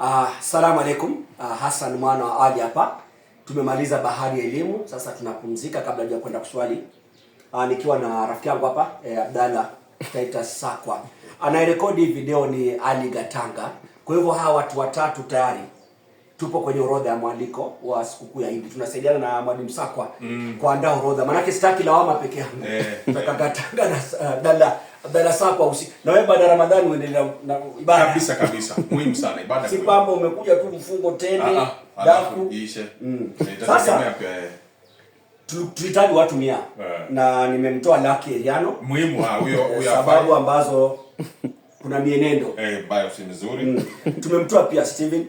Uh, salamu alaikum. Uh, Hassan mwana wa Ali hapa. Tumemaliza bahari ya elimu, sasa tunapumzika kabla ya kwenda kuswali. Uh, nikiwa na rafiki yangu hapa eh, Abdalla Taita Sakwa. Anayerekodi video ni Ali Gatanga. Kwa hivyo hawa watu watatu tayari tupo kwenye orodha ya mwaliko wa sikukuu ya Eid. Tunasaidiana na Mwalimu Sakwa mm, kuandaa orodha. Maanake sitaki lawama peke yangu. Nataka eh. Gatanga na uh, eh, Abdalla darasa kwa usiku, na wewe baada ya Ramadhani uendelea na ibada kabisa kabisa. Muhimu sana ibada, si kwamba umekuja tu mfungo tena ah, ah, dafu ishe. Mm. Sasa eh. tulihitaji watu 100 yeah. na nimemtoa Lucky Eliano muhimu ha ah, huyo huyo, sababu ambazo kuna mienendo eh, hey, bio si nzuri mm. Tumemtoa pia Steven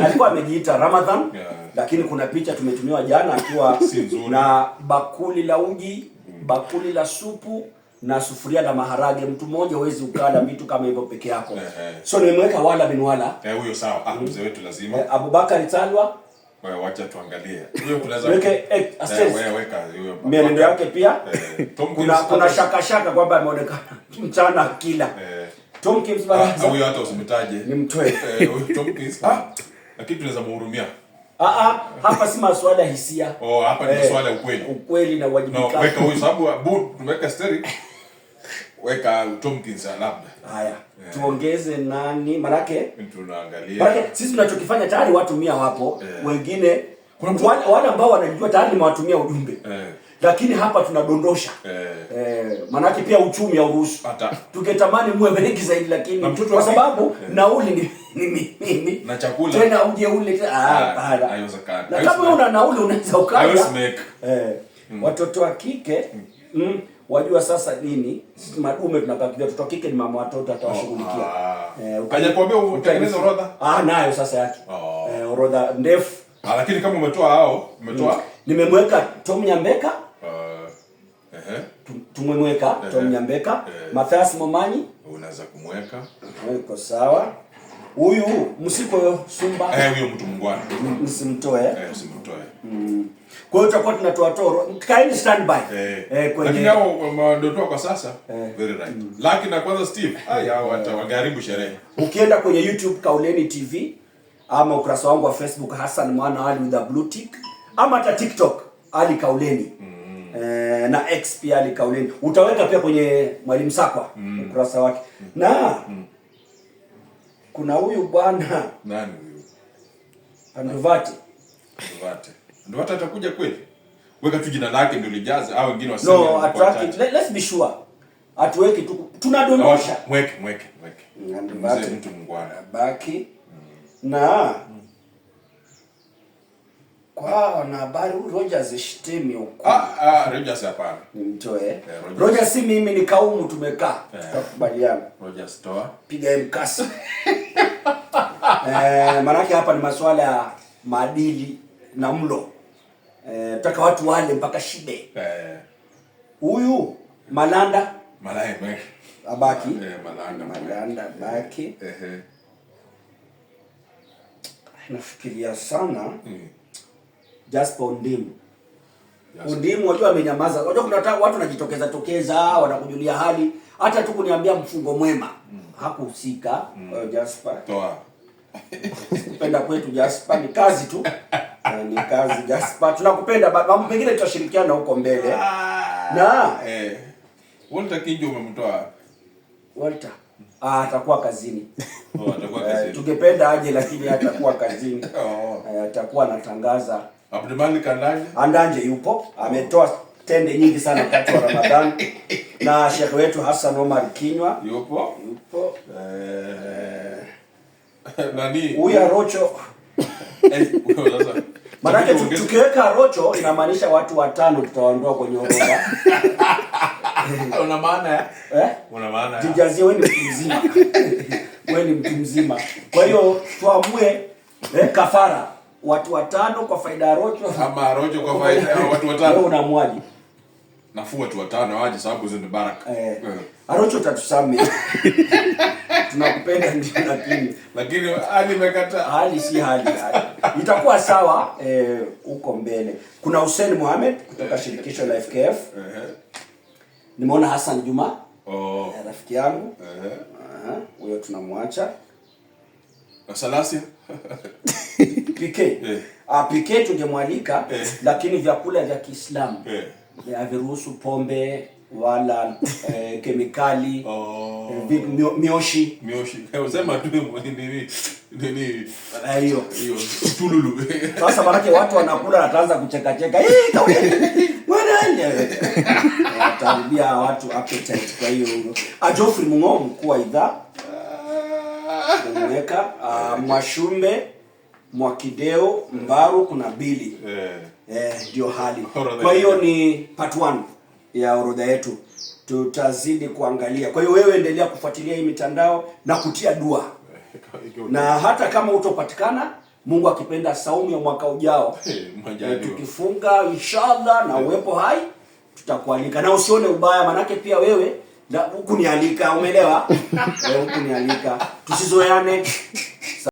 alikuwa amejiita Ramadhan yeah. Lakini kuna picha tumetumiwa jana akiwa si nzuri na bakuli la uji, bakuli la supu na sufuria na maharage. Mtu mmoja huwezi ukala vitu kama hivyo peke yako. So nimeweka wala bin wala Eh, huyo, sawa. Ah, mzee wetu lazima Eh, Abubakar Salwa. Wewe wacha tuangalie huyo, tunaweza weke eh, eh wewe, weka huyo mienendo yake pia. Eh, kuna kuna shaka shaka kwamba ameonekana mchana kila eh. Tomkins Baraza ah, huyo, hata usimtaje, ni mtwe huyo Tomkins, ah. lakini tunaweza muhurumia. ah, ah hapa si maswala hisia. Oh, hapa ni masuala ukweli. Ukweli na uwajibikaji. Na weka huyu sababu tumeweka stereo. weka Tomkins labda. Haya. Yeah. Tuongeze nani? Marake? tunaangalia. Marake, sisi tunachokifanya tayari watu mia wapo, yeah. Wengine kuna mtu... wale ambao wanajua tayari mwatumia ujumbe. Yeah. Lakini hapa tunadondosha. Eh. Yeah. E, manake pia uchumi Urusi. Hata tungetamani muwe wengi zaidi lakini na kwa sababu yeah. nauli ni ni mimi na chakula tena uje ule ah yeah. Haiwezekani. Na kama una nauli unaweza ukala. Haiwezekani. Eh. Mm. Watoto wa kike mm mm. Wajua sasa nini sisi madume tunapakiwa watoto kike ni mama watoto atawashughulikia. Oh, ah. eh, hajakwambia utengeneze orodha? Ah, nayo sasa yake. Oh. Eh, orodha ndefu. Ah, lakini kama umetoa hao, umetoa mm. Nimemweka Tom Nyambeka. Uh, uh-huh. Tumemweka uh-huh. Tom Nyambeka, uh-huh. Mathias Momanyi. Unaweza kumweka. uko sawa huyu msiko sumba eh, huyo mtu mungwana msimtoe eh, msimtoe mm. Kwa hiyo tutakuwa tunatoa toro kaini standby eh, eh kwenye lakini hao wanatoa kwa sasa eh, very right mm. Lakini na kwanza Steve ai hao hata eh. wagaribu sherehe. Ukienda kwenye YouTube Kauleni TV ama ukurasa wangu wa Facebook Hassan Mwana Ali with a blue tick ama hata TikTok Ali Kauleni mm. Eh, na X pia Ali Kauleni utaweka pia kwenye Mwalimu Sakwa mm. ukurasa wake mm. na mm kuna huyu bwana nani huyu Anduvate Anduvate Anduvate atakuja kweli? Weka tu jina lake ndio lijaze, au wengine waseme no, ataki let, let's be sure atuweke tu, tunadondosha no, oh, mweke mweke mweke mm, Andovate mtu mngwana baki mm. na mm. kwa wanahabari Rogers shtemi huko. Ah, ah Rogers hapana, nimtoe eh, Rogers. Rogers si mimi ni kaumu, tumekaa eh, tutakubaliana. Rogers toa, piga mkasi Eh, maanake hapa ni masuala ya maadili na mlo. Eh, tutaka watu wale mpaka shibe. Eh. Huyu eh, Malanda Malanda abaki eh, Malanda Malanda abaki eh, nafikiria sana mm. Jasper Ndimu Yes. Undimu wajua amenyamaza. Unajua kuna watu wanajitokeza tokeza, wanakujulia hali, hata tu kuniambia mfungo mwema. Mm. Hakuhusika. Mm. Uh, Jasper. Toa. Kupenda kwetu Jasper ni kazi tu. Eh, ni kazi Jasper. Tunakupenda baba, pengine tutashirikiana huko mbele. Ah, na eh. Walter Kijo umemtoa. Walter. Ah, atakuwa kazini. Oh, atakuwa eh, kazini. Tungependa aje lakini atakuwa kazini. Oh. Eh, atakuwa anatangaza Abdulmalik Andanje. Andanje yupo ametoa tende nyingi sana wakati wa Ramadhani na shekhe wetu Hassan Omar Kinywa yupo yupo eh, nani huyu Rocho eh, Maanake tukiweka Rocho inamaanisha watu watano tutaondoa kwenye orodha. Una maana ya? Eh? eh? Una maana ya? Eh? wewe ni mtu mzima. Wewe ni mtu mzima. Kwa hiyo tuamue eh, kafara watu watano kwa faida ya Rocho. Ama Rocho kwa faida ya watu watano. Wewe unamwaje? Nafua watu watano waje sababu zende baraka. Eh. eh. Ah, rocho tatusame. Tunakupenda ndio lakini. Lakini hali imekata. Hali si hali. hali. Itakuwa sawa eh, huko mbele. Kuna Hussein Mohamed kutoka eh. shirikisho la FKF. Eh. Nimeona Hassan Juma. Oh. Eh, Rafiki yangu. Eh. Uh huyo -huh. tunamwacha. Wasalasi. Piqué yeah. Eh. Piqué tungemwalika yeah. Lakini vyakula vya Kiislamu yeah. haviruhusu pombe wala eh, kemikali oh. eh, mioshi mioshi usema tu nini eh, hiyo tululu. Sasa maanake watu wanakula wataanza kucheka cheka, hii kauli mwanani wataribia eh, watu appetite. Kwa hiyo ah, Geoffrey Mung'o mkuu wa idhaa ameweka ah. uh, ah, Mwashumbe Mwakideo Mbaru, kuna Bili eh. eh, ndio eh, hali. Kwa hiyo ni part 1 ya orodha yetu, tutazidi kuangalia. Kwa hiyo wewe endelea kufuatilia hii mitandao na kutia dua, na hata kama utopatikana Mungu akipenda saumu ya mwaka ujao hey, eh, tukifunga inshallah na uwepo hai tutakualika, na usione ubaya, manake pia wewe hukunialika, umeelewa? Hukunialika, tusizoeane